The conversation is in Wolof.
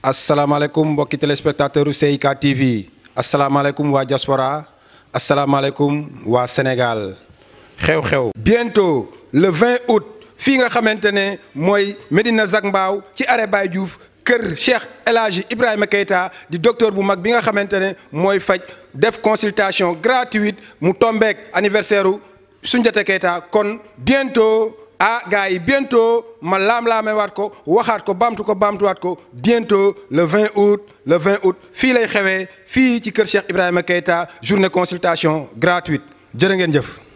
Assalam alaikum bokki téléspectateurs CIK TV assalamu alaikum, wa diaspora alaikum, wa Sénégal xew-xew. bientôt le 20 août fi nga xamantene moy Medina Zac ci Aré Baye Diouf kër Cheikh El Ibrahima Keita di docteur bu mag bi nga xamantene moy fajj def consultation gratuite mu tombeek anniversaire u Keita kon bientôt ah gars bientôt ma la laamewaat ko waxat ko bamtu ko baamtuwaat ko bientôt le 20 août le 20 août fi lay xewé fi ci keur Cheikh Ibrahima Keita journée consultation gratuite jere ngeen